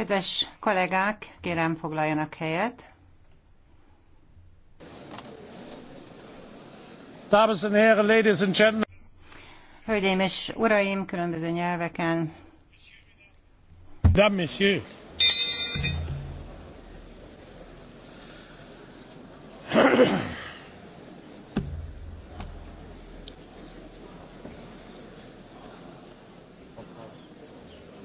Kedves kollégák, kérem foglaljanak helyet. Hölgyeim és uraim, különböző nyelveken. Mesdames, messieurs.